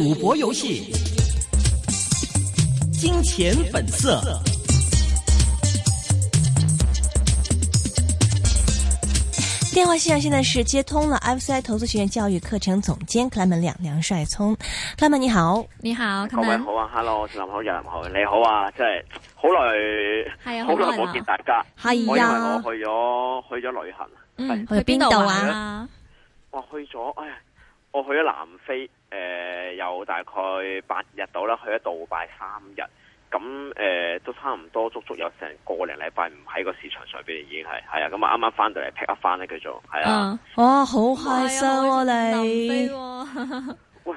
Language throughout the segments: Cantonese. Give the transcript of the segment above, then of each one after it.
賭博遊戲，金錢本色。電話線上現在是接通了 F C I 投資學院教育課程總監克萊門梁梁帥聰，克萊門你好，你好，各位好啊，Hello，你好，你好，你好啊，真係好耐，好耐冇見大家，係啊，嗯啊，我去咗去咗旅行，去邊度啊？我去咗，哎呀，我去咗南非。誒、呃，有大概八日到啦，去咗杜拜三日，咁誒、呃、都差唔多，足足有成個零禮拜唔喺個市場上邊，已經係係啊，咁啊啱啱翻到嚟劈一翻咧，叫做係啊，哇，好開心啊你，哇，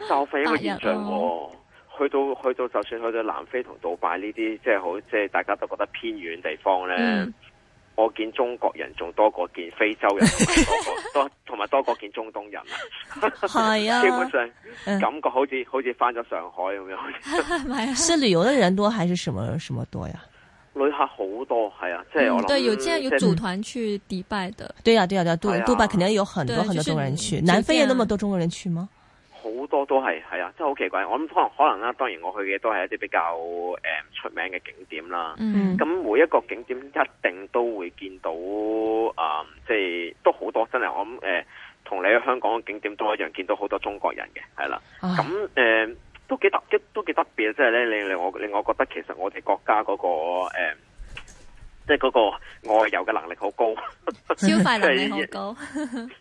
受、就、飛、是、一個現象，去到、啊、去到，去到就算去到南非同杜拜呢啲，即係好，即係大家都覺得偏遠地方咧。嗯我見中國人仲多過見非洲人多過 多過，多同埋多過見中東人啊！係啊，基本上、 哎、感覺好似、哎、好似返咗上海咁樣。係啊。 是旅遊的人多還是什麼什麼多呀？旅客好多，係啊，即係我諗。對，有即係有組團去迪拜的。對呀、啊，對呀、啊，對呀、啊，杜迪、啊、拜肯定有很多很多中國人去。就是、南非有那麼多中國人去嗎？ 好多都係係啊，真係好奇怪！我諗可能可能啦，當然我去嘅都係一啲比較誒、嗯、出名嘅景點啦。咁、mm -hmm. 每一個景點一定都會見到啊，即、嗯、係、就是、都好多真係我諗同、呃、你喺香港嘅景點都一樣，mm -hmm. 見到好多中國人嘅係啦。咁誒、oh. 呃、都幾特，都都幾特別即係咧，令令我令我覺得其實我哋國家嗰、那個、呃即係嗰個外遊嘅能力好高，消費能力好高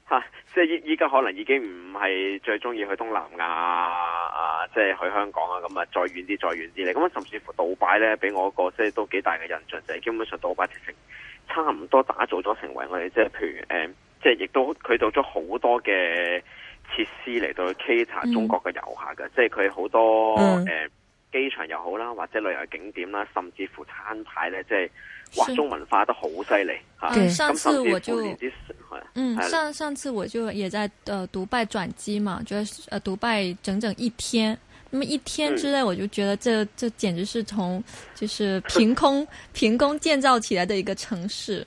吓。即係依依家可能已經唔係最中意去東南亞啊，即係去香港啊。咁啊，再遠啲，再遠啲咧。咁啊，甚至乎杜拜咧，俾我一個即係都幾大嘅印象就係、是，基本上杜拜直成差唔多打造咗成為我哋即係，就是、譬如誒，即係亦都佢做咗好多嘅設施嚟到去 cater 中國嘅遊客嘅，即係佢好多誒機場又好啦，或者旅遊景點啦，甚至乎餐牌咧，即係。華中文化的好犀利，啊、嗯。上次我就嗯上上次我就也在，呃，杜拜轉機嘛，就是、呃，杜拜整整一天，那麼一天之內我就覺得這，這、嗯、這簡直是從就是憑空憑 空建造起來的一個城市。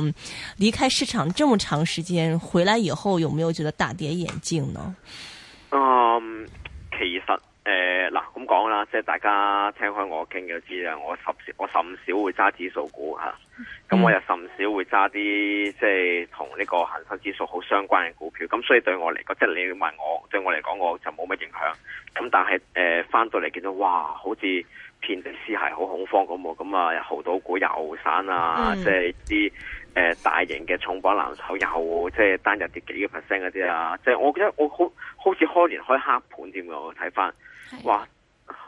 嗯，離開市場這麼長時間，回來以後有沒有覺得大跌眼鏡呢？嗯，其實誒嗱，咁講啦，即係大家聽開我傾就知啦。我甚少我甚少會揸指數股吓，咁、啊嗯嗯、我又甚少會揸啲即係同呢個恒生指數好相關嘅股票。咁所以對我嚟講，即係你問我，對我嚟講，我就冇乜影響。咁但係誒，翻、呃、到嚟見到哇，好似遍地屍骸，好恐慌咁，咁啊，豪賭股又生啊，即係啲。誒、呃，大型嘅重磅藍籌有即係單日跌幾個 percent 嗰啲啊，即、就、係、是、我覺得我好好似開年開黑盤點樣。我睇翻，哇，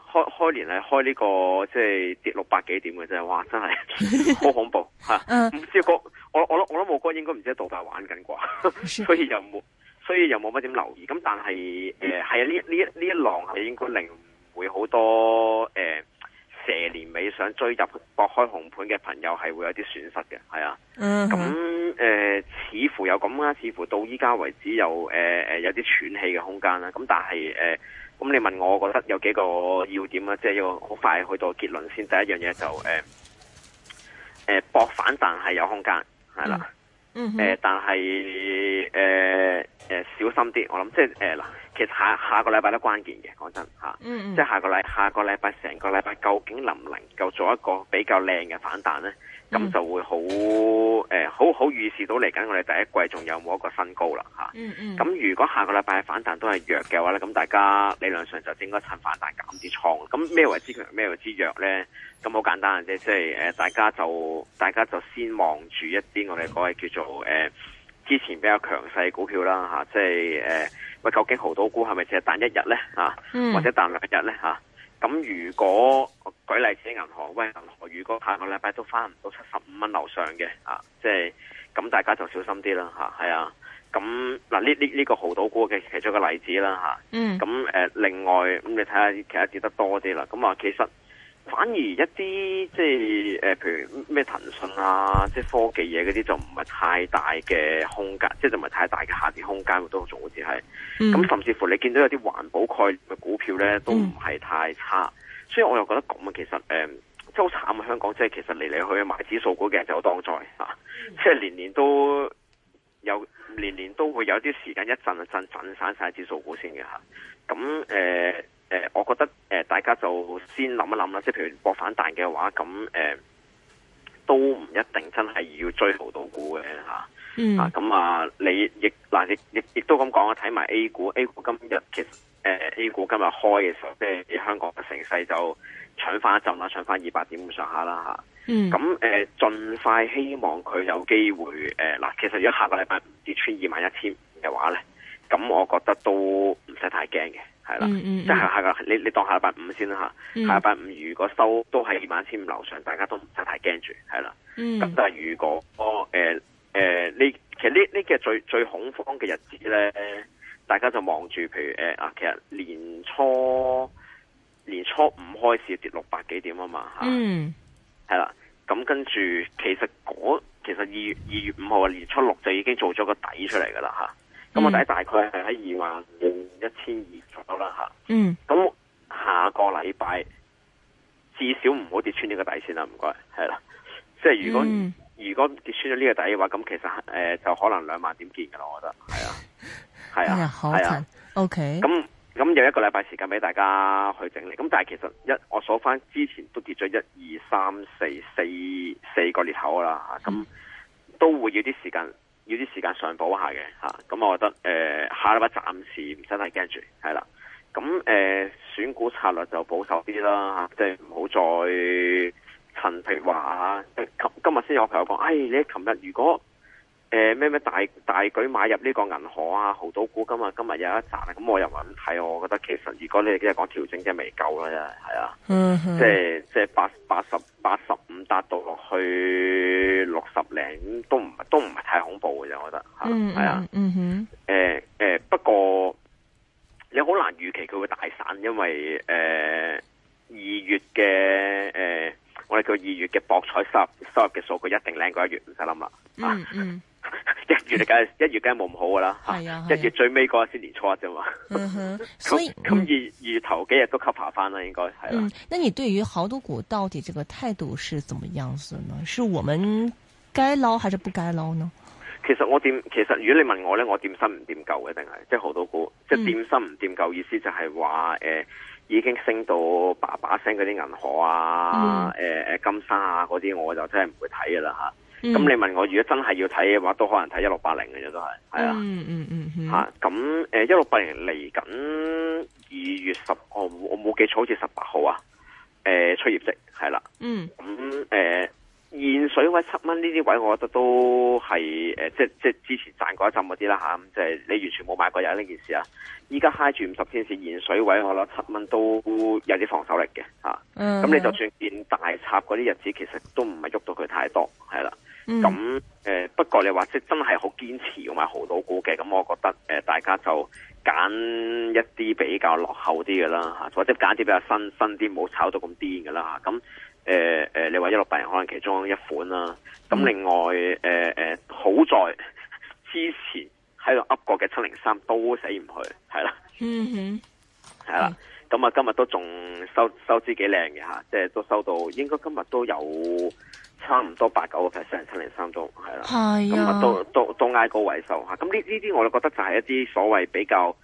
開開年係開呢、這個即係跌六百幾點嘅啫，哇，真係 好恐怖吓，唔、 啊、知個我我我我都冇覺應該唔知係杜拜玩緊啩， 所以又冇，所以又冇乜點留意，咁但係誒係啊呢呢呢一浪係應該令會好多。想追入博開紅盤嘅朋友係會有啲損失嘅，係啊，mm -hmm. 嗯咁誒似乎有咁啦，似乎到依家為止有誒誒、呃、有啲喘氣嘅空間啦，咁但係誒，咁、呃、你問我，我覺得有幾個要點啊，即係要好快去到結論先。第一樣嘢就誒誒博反彈係有空間，係啦，嗯、mm -hmm. 呃，誒但係誒誒小心啲，我諗即係誒啦。呃其實下下個禮拜都關鍵嘅，講真吓，啊、嗯嗯即係下個禮下個禮拜成個禮拜究竟能唔能夠做一個比較靚嘅反彈呢？咁、嗯、就會好誒，好、呃、好預示到嚟緊我哋第一季仲有冇一個新高啦吓。咁、啊嗯嗯、如果下個禮拜反彈都係弱嘅話呢，咁大家理論上就應該趁反彈減啲倉。咁咩為之強，咩為之弱呢？咁好簡單嘅啫，即、就、係、是呃、大家就大家就先望住一啲我哋嗰位叫做誒。呃之前比較強勢股票啦嚇，即係誒，喂，究竟豪賭股係咪淨係彈一日咧嚇，嗯、或者彈兩日咧嚇？咁如果我舉例子，銀行，喂，銀行如果下個禮拜都翻唔到七十五蚊樓上嘅啊，即係咁，大家就小心啲啦嚇，係啊，咁嗱呢呢呢個豪賭股嘅其中一個例子啦嚇，咁誒，另外咁你睇下其他跌得多啲啦，咁啊其實。反而一啲即係誒，譬如咩騰訊啊，即係科技嘢嗰啲，就唔係太大嘅空間，即係就唔係太大嘅下跌空間，都仲好似係。咁甚至乎你見到有啲環保概念嘅股票咧，都唔係太差，嗯。所以我又覺得咁啊，其實誒，好慘啊，香港即係其實嚟嚟去去買指數股嘅人，就當在啊，即係年年都有，年年都會有啲時間一陣一陣陣散晒指數股先嘅吓。咁、啊、誒。啊誒、呃，我覺得誒、呃，大家就先諗一諗啦。即係譬如博反彈嘅話，咁誒、呃、都唔一定真係要追濠賭股嘅吓。嗯。咁啊，你亦嗱，亦亦亦都咁講啊。睇埋 A 股，A 股今日其實誒、呃、A 股今日開嘅時候，即、呃、係香港嘅城勢就搶翻一浸啦，搶翻二百點上下啦吓。咁、啊、誒，盡、嗯啊、快希望佢有機會誒，嗱、呃，其實如果下個禮拜跌穿二萬一千嘅話咧，咁我覺得都唔使太驚嘅。係啦，即係下個你你當下拜五先啦吓，mm. 下拜五如果收都係二萬一千五樓上，大家都唔使太驚住，係啦。咁、mm. 但係如果我誒誒、呢、呃呃、其實呢呢個最最恐慌嘅日子咧，大家就望住，譬如誒啊、呃，其實年初年初五開始跌六百幾點啊嘛吓，係啦。咁、mm. 跟住其實那其實二月二月五號啊，年初六就已經做咗個底出嚟噶啦吓。咁、嗯、個底大概係喺二萬零一千二左右啦吓，咁、嗯、下個禮拜至少唔好跌穿呢個底線啦，唔該，係啦。即係如果、嗯、如果跌穿咗呢個底嘅話，咁其實誒、呃、就可能兩萬點見噶啦，我覺得係啊，係 啊，係啊，OK。咁咁有一個禮拜時間俾大家去整理，咁但係其實一我數翻之前都跌咗一二三四四四個裂口啦吓，咁、嗯、都會要啲時間。要啲時間上補下嘅。咁、啊嗯、我覺得、呃、下禮拜暫時唔真係驚住，係啦，咁、嗯嗯、選股策略就保守啲啦、啊、即係唔好再陳皮話、啊、今今日先有朋友講，哎你琴日如果。誒、呃，咩咩大大舉買入呢個銀河啊，濠賭股今日、啊、今日有一賺，咁我又唔睇、啊、我覺得其實如果你哋今日講調整，即係未夠啦，真係、嗯、啊，即係即係八八十八十五達到落去六十零，都唔都唔係太恐怖嘅，我覺得係啊，係啊，誒誒、啊啊嗯啊嗯啊嗯，不過你好難預期佢會大散，因為誒二、呃、月嘅誒、呃、我哋叫二月嘅博彩收入嘅數據一定靚過一月，唔使諗啦，嗯嗯啊嗯 一月梗係、嗯、一月梗係冇咁好噶啦、啊啊啊，一月最尾嗰日先年初一啫嘛。咁咁二月頭幾日都吸 o 返翻啦，應該係啦。那你對於好多股到底這個態度是怎麼樣子呢、嗯？是我們該撈還是不該撈呢？其實我點，其實如果你問我呢，我點新唔點舊嘅，定係即係好多股，即係點新唔點舊？意思就係話誒，已經升到爸爸聲嗰啲銀河啊，誒、嗯、誒、呃，金沙啊嗰啲，我就真係唔會睇噶啦吓。咁、嗯、你問我如果真係要睇嘅話，都可能睇一六八零嘅啫，都係係啊。嗯嗯嗯，吓咁誒，一六八零嚟緊二月十，我我冇記錯好似十八號啊。誒，出業績係啦。嗯。咁、啊、誒，現水位七蚊呢啲位，我覺得都係誒，即即之前賺過一浸嗰啲啦吓。即係你完全冇買過人呢件事啊。依家嗨住五十天線現水位，我覺得七蚊都有啲防守力嘅吓。咁你就算見大插嗰啲日子，其實都唔係喐到佢太多，係啦。咁、嗯、誒，不過你話即係真係好堅持同埋好老古嘅，咁我覺得誒，大家就揀一啲比較落後啲嘅啦，吓，或者揀啲比較新新啲，冇炒到咁癲嘅啦吓。咁誒誒，你話一六八可能其中一款啦。咁另外誒誒、嗯呃，好在之前喺度噏過嘅七零三都死唔去，係啦。嗯哼，係啦。咁啊，今日都仲收收支幾靚嘅吓，即係都收到，應該今日都有。差唔多八九個 percent，七零三都係啦。咁啊、哎，都都都挨高位受吓。咁呢呢啲我哋覺得就係一啲所謂比較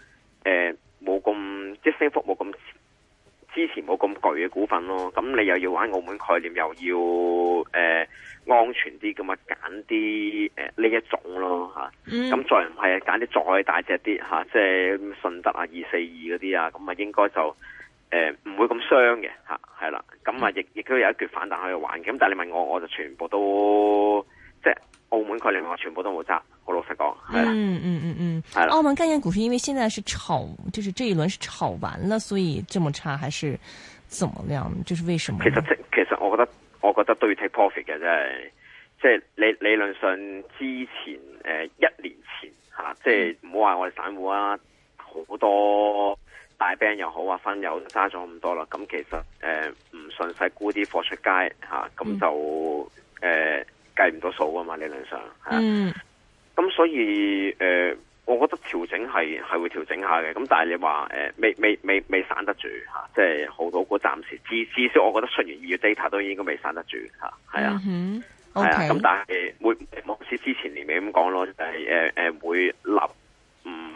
誒冇咁即係升幅冇咁之前冇咁巨嘅股份咯。咁你又要玩澳門概念，又要誒、呃、安全啲，咁啊揀啲誒呢一種咯吓。咁、嗯、再唔係揀啲再大隻啲吓，即係信德啊二四二嗰啲啊，咁啊應該就。誒、呃，唔會咁傷嘅吓，係啦，咁啊，亦亦、啊、都有一段反彈可以玩嘅。咁但係你問我，我就全部都即係澳門概念我，全部都冇揸，好老實講係啦。嗯嗯嗯嗯，係、嗯、啦、嗯。澳門概念股是因為現在是炒，就是這一輪是炒完了，所以這麼差還是怎麼樣？就是為什麼呢？其實即其實我覺得，我覺得都要 take profit 嘅，即係即係理理論上之前誒、呃、一年前吓，即係唔好話我哋散戶啊，好多。大病又好有、呃、啊，分友揸咗咁多啦，咁其實誒唔順勢沽啲貨出街吓，咁就誒計唔到數啊嘛，理論上、啊。嗯。咁所以誒、呃，我覺得調整係係會調整下嘅，咁但係你話誒、呃、未未未未散得住吓，即係好多股暫時至至少，我覺得出完二月 data 都應該未散得住吓，係啊。係、嗯、啊。咁、okay。但係會好似之前年尾咁講咯，就係誒誒會立。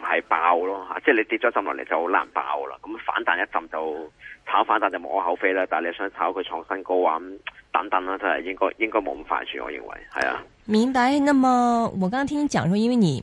係爆咯，吓，即係你跌咗浸落嚟，就好難爆啦。咁反彈一浸就炒反彈就無可厚非啦。但係你想炒佢創新高啊咁等等啦，真係應該應該冇咁快算，我認為係啊。明白。那麼我剛剛聽你講說，因為你。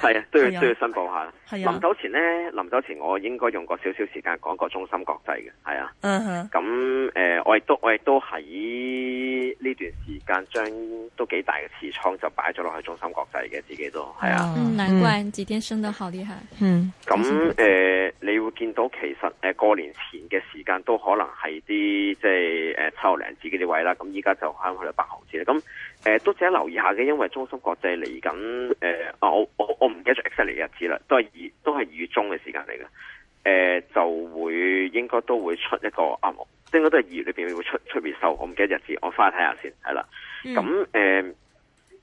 係啊，都要都要申報下啦啊，臨走前咧，臨走前我應該用個少少時間講個中芯國際嘅，係啊。嗯哼。咁誒、呃，我亦都我亦都喺呢段時間將都幾大嘅持倉就擺咗落去中芯國際嘅，自己都係啊。嗯，難怪、嗯、幾天升得好厲害。嗯。咁誒、嗯呃，你會見到其實誒、呃、過年前嘅時間都可能係啲即係誒、呃、七毫零字啲位啦。咁依家就慳去到八毫子啦。咁。誒、呃，都值得留意下嘅，因為中芯國際嚟緊誒，我我我唔記得咗 exact 嚟日子啦，都係二都係二月中嘅時間嚟嘅，誒、呃、就會應該都會出一個啱、啊，應該都係二月裏邊會出出面售，我唔記得日子，我翻去睇下先看，係啦，咁、嗯、誒、呃，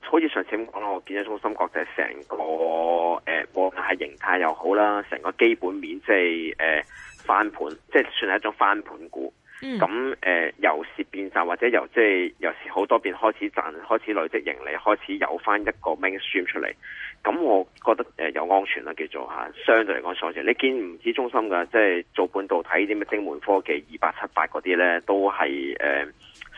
好似上次咁講啦，我見咗中芯國際成個誒，波、呃、下形態又好啦，成個基本面即係誒翻盤，即係算係一種翻盤股。咁誒、呃，由蝕變賺，或者由即係由好多變開始賺，開始累積盈利，開始有翻一個 main stream 出嚟。咁我覺得誒、呃、又安全啦，叫做吓相對嚟講，所謂你見唔知中心㗎，即係做半導體啲咩晶圓科技二八七八嗰啲咧，都係誒、呃、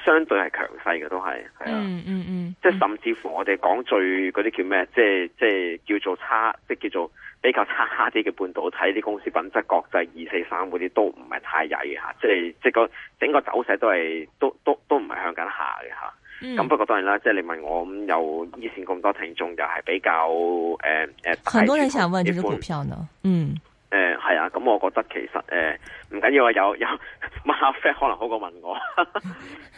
相對係強勢嘅，都係係啊。嗯嗯嗯，即係甚至乎我哋講最嗰啲叫咩？即係即係叫做差，即係叫做。比較差啲嘅半導體，睇啲公司品質，國際二四三嗰啲都唔係太曳嘅吓，即係即係個整個走勢都係都都都唔係向緊下嘅吓。咁、嗯、不過當然啦，即係你問我有以前咁多聽眾又係比較誒誒、呃呃。很多人想問就係股票呢？嗯，誒、呃、係啊，咁我覺得其實誒唔緊要啊，有有。馬啡可能好過問我， 我，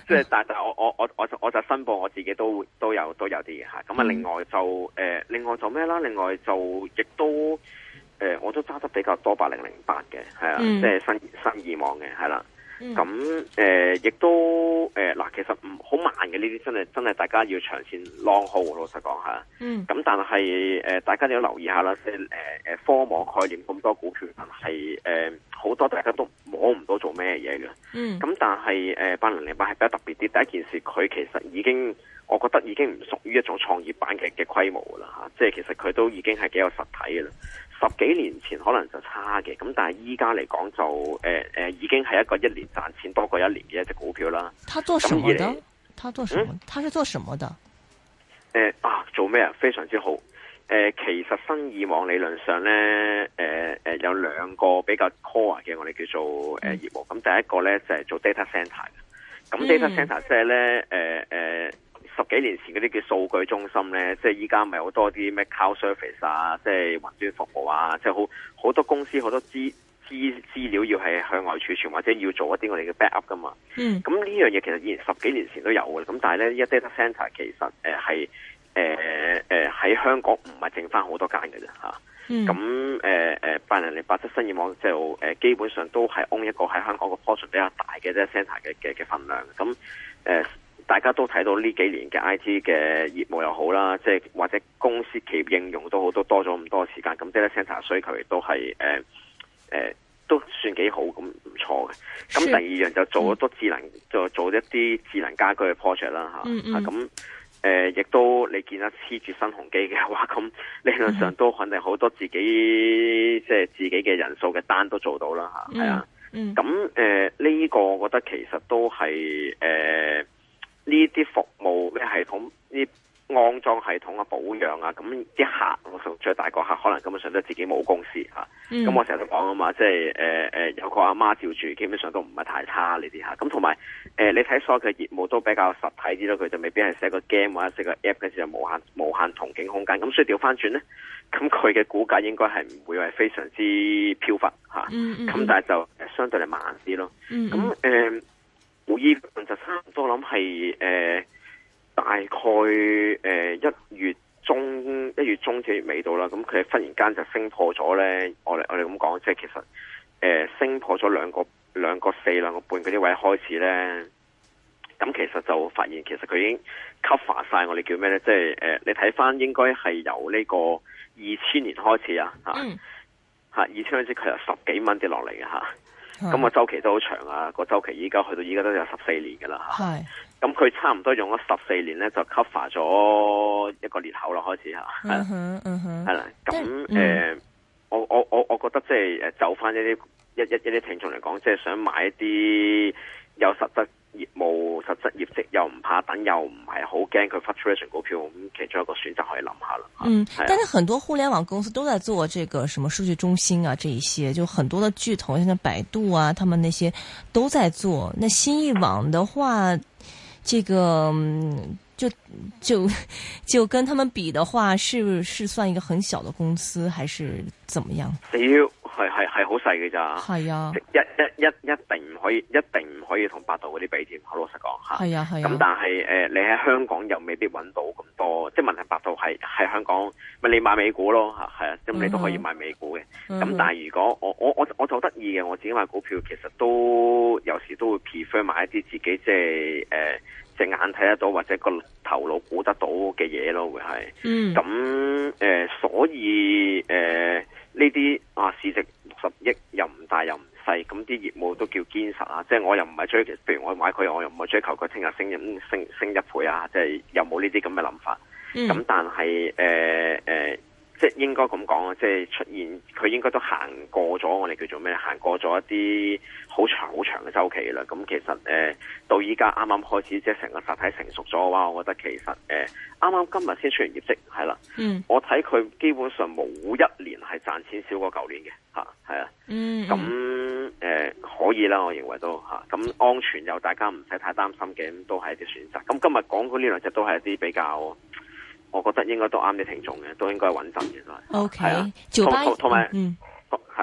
即係但但我我我我就我就申報我自己都都有都有啲嘢吓，咁啊另外就誒另外就咩啦，另外就亦都誒、呃、我都揸得比較多八零零八嘅係啊，即係、嗯就是、新新意網嘅係啦。咁、嗯、誒，亦、呃、都誒嗱、呃，其實唔好慢嘅呢啲，真係真係大家要長線攞好。老實講下。咁、啊嗯、但係、呃、大家都要留意下啦。即係、呃、科網概念咁多股權係誒好多，大家都摸唔到做咩嘢嘅。咁、嗯、但係、呃、八零零八係比較特別啲。第一件事，佢其實已經，我覺得已經唔屬於一種創業板嘅嘅規模啦、啊、即係其實佢都已經係幾有實體嘅啦。十幾年前可能就差嘅，咁但係依家嚟講就誒誒、呃呃，已經係一個一年賺錢多過一年嘅一隻股票啦。他做什麼的？他做什麼？他是做什麼的？誒、嗯呃、啊，做咩啊？非常之好。誒、呃，其實新意網理論上咧，誒、呃、誒、呃，有兩個比較 core 嘅，我哋叫做誒、呃嗯、業務。咁第一個咧就係、是、做 data center。咁 data center 即係咧，誒、就、誒、是。呃呃十幾年前嗰啲叫數據中心咧，即係依家咪好多啲咩 cloud service 啊，即係雲端服務啊，即係好好多公司好多資資資料要係向外儲存或者要做一啲我哋嘅 backup 噶嘛。嗯，咁呢樣嘢其實以前十幾年前都有嘅，咁但係咧一 data center 其實誒係誒誒喺香港唔係剩翻好多間嘅啫嚇。嗯，咁誒誒八零零八新意網就誒基本上都係 own 一個喺香港個 portion 比較大嘅 data center 嘅嘅嘅份量。咁誒。大家都睇到呢幾年嘅 IT 嘅業務又好啦，即係或者公司企業應用都好，都多咗咁多時間，咁 data center 需求亦都係誒、呃呃、都算幾好咁唔錯嘅。咁第二樣就做咗多智能、嗯，就做一啲智能家居嘅 project 啦，咁亦都你見得黐住新鴻基嘅話，咁理論上都肯定好多自己即係、嗯嗯、自己嘅人數嘅單都做到啦啊，咁、嗯、呢、嗯呃呢個我覺得其實都係誒。呃上得自己冇公司嚇。咁、嗯、我成日都講啊嘛，即係誒誒有個阿媽，媽照住，基本上都唔係太差呢啲嚇。咁同埋誒，你睇所有嘅業務都比較實體啲咯，佢就未必係寫個 game 或者寫個 app 嗰陣就無限無限同境空間。咁所以調翻轉咧，咁佢嘅股價應該係唔會係非常之飄忽嚇。咁、嗯嗯、但係就誒相對嚟慢啲咯。咁、嗯、誒，我依、呃、就差唔多諗係誒大概誒、呃、一。中一月中至月尾到啦，咁佢忽然間就升破咗咧。我我哋咁講，即係其實誒、呃，升破咗兩個兩個四兩個半嗰啲位開始咧。咁其實就發現，其實佢已經 cover 晒我哋叫咩咧？即係誒、呃，你睇返應該係由呢個二千年開始啊，吓吓二千年開始佢由十幾蚊跌落嚟嘅吓。啊咁個周期都好長啊！個周期依家去到依家都有十四年㗎啦嚇。係。咁佢差唔多用咗十四年咧，就 cover 咗一個裂口啦開始嚇。嗯係啦。咁、嗯嗯呃、我我我我覺得即係呃就翻、是、一啲一一一啲聽眾嚟講，即、就、係、是、想買一啲。有實質業務、實質業績，又唔怕等，又唔係好驚佢 fraction 股票，咁其中一個選擇可以諗下啦。嗯，但是很多互聯網公司都在做這個什麼數據中心啊，這一些就很多的巨頭，像百度啊，他們那些都在做。那新易網的話，這個就就就跟他們比的話，是是算一個很小的公司，還是怎麼樣？係係係好細嘅咋，係啊，一一一一定唔可以，一定唔可以同百度嗰啲比添。好老實講吓，咁、啊啊、但係誒、呃，你喺香港又未必搵到咁多，即係問題百度係係香港，咪、啊、你買美股咯吓，係啊，咁、嗯啊、你都可以買美股嘅。咁、嗯嗯、但係如果我我我我就好得意嘅，我自己買股票其實都有時都會 prefer 買一啲自己即係誒，隻眼睇得到或者個頭腦估得到嘅嘢咯，會係。咁、嗯、誒、呃，所以誒。呃呢啲啊市值六十億，又唔大又唔細，咁啲業務都叫堅實啊！即係，就係，我又唔係追，譬如我買佢，我又唔係追求佢聽日升升升一倍啊！即係又冇呢啲咁嘅諗法。咁、嗯、但係誒誒。呃呃即係應該咁講啊，即係出現佢應該都行過咗，我哋叫做咩？行過咗一啲好長好長嘅周期啦。咁其實誒、呃，到依家啱啱開始，即係成個實體成熟咗嘅話，我覺得其實誒，啱、呃、啱今日先出完業績係啦。嗯，我睇佢基本上冇一年係賺錢少過舊年嘅吓，係啊。嗯，咁、嗯、誒、呃、可以啦，我認為都吓，咁安全又大家唔使太擔心嘅，都係一啲選擇。咁今日講到呢兩隻都係一啲比較。我覺得應該都啱啲聽眾嘅，都應該穩陣嘅啦。O K，九八一，同埋，嗯，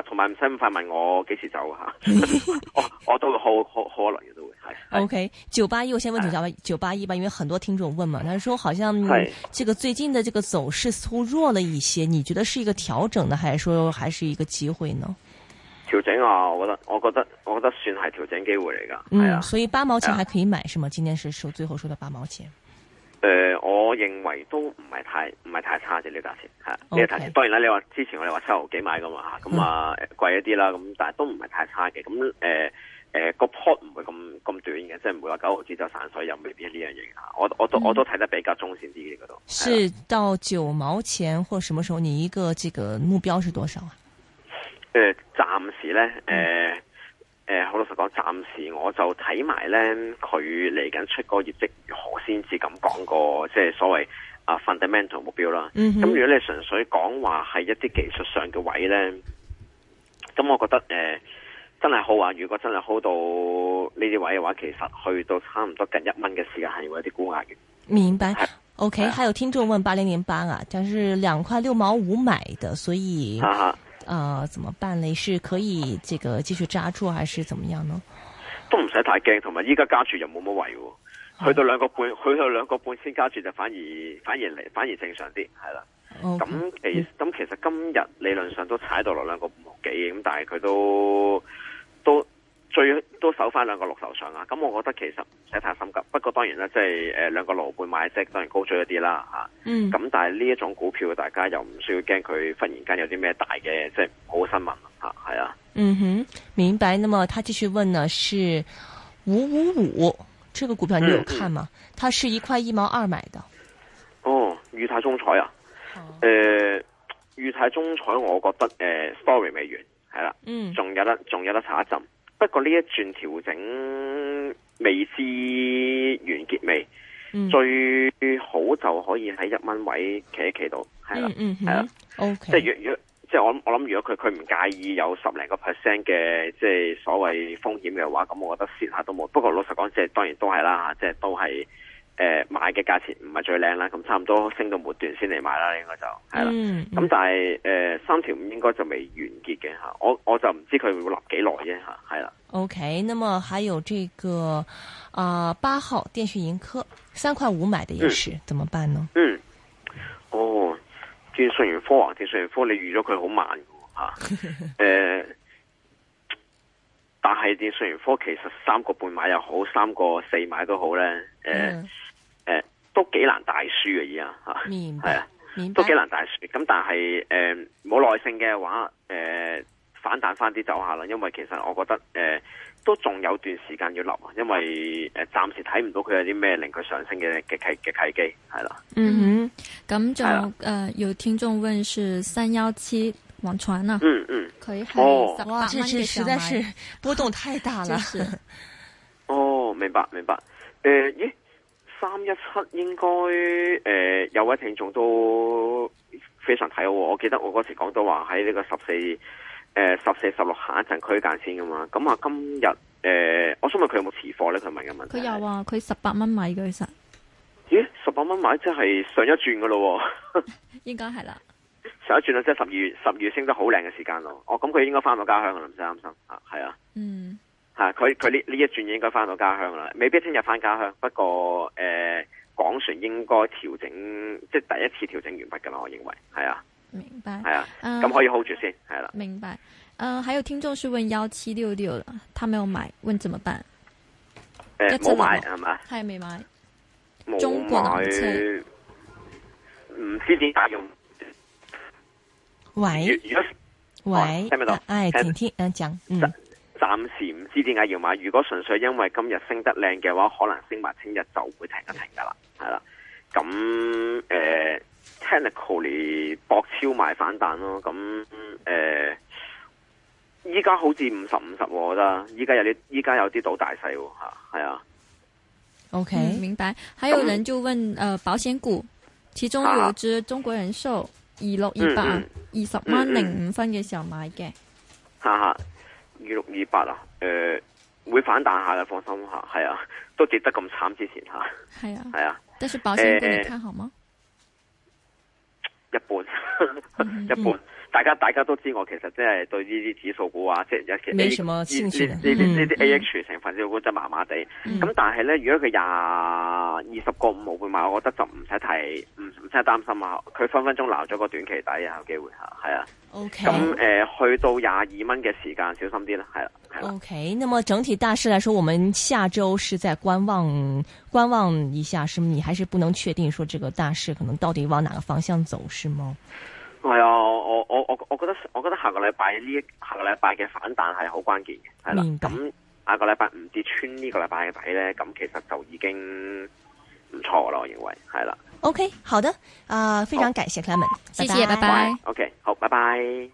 同埋唔使咁快問我幾時走吓， 我我都好好可能嘅都會係。O K，九八一，okay, 981, 我先問九八一。九八一吧，因為很多聽眾問嘛，佢說好像，係，這個最近的這個走勢似乎弱了一些，你覺得是一個調整呢，還是說還是一個機會呢？調整啊，我覺得，我覺得，我覺得算係調整機會嚟噶。嗯，啊、所以八毛錢還可以買，是,、啊、是嗎？今天是收最後收到八毛錢。誒、呃，我認為都唔係太唔係太差嘅呢、這個價錢，吓呢價錢。當然啦，你話之前我哋話七毫幾買㗎嘛，咁、嗯、啊貴一啲啦，咁但係都唔係太差嘅。咁誒誒，個 put 唔會咁咁短嘅，即係唔會話九毫紙就散，所以又未必呢樣嘢我我都、嗯、我都睇得比較中線啲嗰度。是到九毛錢或什麼時候？你一個這個目標是多少啊？誒、呃，暫時咧，誒、嗯、誒、呃呃，好老實講，暫時我就睇埋咧，佢嚟緊出個業績如何。先至咁講過即係所謂啊、uh, fundamental 目標啦。咁、嗯、如果你純粹講話係一啲技術上嘅位咧，咁我覺得誒、呃、真係好啊。如果真係好到呢啲位嘅話，其實去到差唔多近一蚊嘅時間係會有啲高壓嘅。明白。OK、啊、還有聽眾問八零零八啊，但是兩塊六毛五買嘅。所以啊、呃、怎麼辦咧？是可以這個繼續揸住，還是怎麼樣呢？都唔使太驚，同埋依家揸住又冇乜位。去到兩個半，oh. 去到兩個半先加住，就反而反而嚟反而正常啲，係啦。咁、okay. 嗯、其咁其實今日理論上都踩到落兩個半幾，咁但係佢都都最都守翻兩個六頭上啊。咁我覺得其實唔使太心急。不過當然啦，即係兩個樓盤買隻，當然高咗一啲啦，咁但係呢一種股票，大家又唔需要驚佢忽然間有啲咩大嘅即係好新聞係啊。嗯哼，明白。那麼他繼續問呢，是五五五。這個股票你有看嗎、嗯？它是一塊一毛二買的。哦，裕泰中彩啊！誒，裕、呃、泰中彩我覺得誒、呃、，story 未完，係啦，仲有得仲有得查一陣。不過呢一轉調整未知完結未、嗯，最好就可以喺一蚊位企一企到，係、嗯、啦，係啦，嗯 okay. 即係即係我我諗，如果佢佢唔介意有十零個 percent 嘅即係所謂風險嘅話，咁我覺得蝕下都冇。不過老實講，即係當然都係啦吓，即係都係誒、呃、買嘅價錢唔係最靚啦，咁差唔多升到末段先嚟買啦，應該就係啦。咁、嗯、但係誒、呃、三條五應該就未完結嘅吓，我我就唔知佢會立幾耐啫吓，係啦。OK，那麼還有這個啊八、呃、號電訊盈科三塊五買的也是、嗯、怎麼辦呢？嗯。電訊盈科啊，電訊盈科你預，你預咗佢好慢嘅吓，誒，但係電訊盈科其實三個半買又好，三個四買都好咧，誒、呃，誒、嗯呃，都幾難大輸嘅而家吓，係 啊，都幾難大輸。咁但係誒，冇、呃、耐性嘅話，誒、呃，反彈翻啲走下啦，因為其實我覺得誒。呃都仲有段時間要留，啊，因為誒暫、呃、時睇唔到佢有啲咩令佢上升嘅嘅契嘅契機係啦。嗯哼，咁仲誒有聽眾問是三幺七網傳啊。嗯嗯，可以可以。哇，這這實在是波動太大啦。哦，明白明白。誒、呃，咦，三、呃、一七應該誒有位聽眾都非常睇好。哦，我記得我嗰時講到話喺呢個十四。誒、呃，十四、十六行一陣區間先噶嘛，咁、嗯、啊，今日誒、呃，我想問佢有冇持貨咧？佢問嘅問題。佢又話，佢十八蚊買嘅其實。咦，十八蚊買即係上一轉噶咯、哦？ 應該係啦。上一轉啦即係十二月，十二月升得好靚嘅時間咯。哦，咁佢應該翻到家鄉啦，唔使擔心吓，係啊。嗯。吓、哦，佢佢呢呢一轉應該翻到家鄉啦，未必聽日翻家鄉。不過誒，廣、呃、船應該調整，即係第一次調整完畢噶啦，我認為係啊。明白，係啊，咁、嗯、可以 hold 住先，係啦、啊。明白，嗯、呃、還有聽眾是問幺七六六的，他沒有買，問怎麼辦？誒、欸，冇買係嘛？係未買，買？中買。唔知點解用？喂？喂聽唔到？哎，停停，講、啊。暫、嗯、時唔知點解要買，如果純粹因為今日升得靚嘅話，可能升埋聽日就會停一停噶啦，係、嗯、啦。咁誒、呃、，technically 博超買反彈咯。咁誒，依、嗯、家、呃、好似五十五十喎啦。我覺得，依家有啲，依家有啲賭大細吓，係啊,啊。OK，、嗯、明白。還有人就問，誒、嗯呃，保險股，其中有隻中國人壽二六二八二十蚊零五分嘅時候買嘅。哈哈二六二八啊？誒、嗯嗯嗯啊啊呃，會反彈下嘅，放心下。係啊,啊，都跌得咁慘之前吓。係啊，係啊。但是保險你看好嗎？一、哎、半，一半，大家、嗯嗯、大家都知我其實即係對呢啲指數股啊，即係其實，什、嗯、呢啲 A H 成分股真係麻麻地，咁但係呢，如果佢廿二十個五毫半買，我覺得就唔使睇，唔唔使擔心啊！佢分分鐘撈咗個短期底，有機會吓，係啊。O K。咁誒，去到廿二蚊嘅時間，小心啲啦，係啦。OK，那麼整體大勢來說，我們下週是在觀望，觀望一下，是嗎？你還是不能確定說這個大勢可能到底往哪個方向走，是嗎？係啊，我我我我覺得我覺得下個禮拜呢，下個禮拜嘅反彈係好關鍵嘅，係啦、啊。咁下個禮拜唔跌穿呢個禮拜嘅底咧，咁其實就已經唔錯咯，我認為係啦、啊。OK，好的，啊、呃，非常感謝 Clement bye bye 謝謝，拜拜。OK，好，拜拜。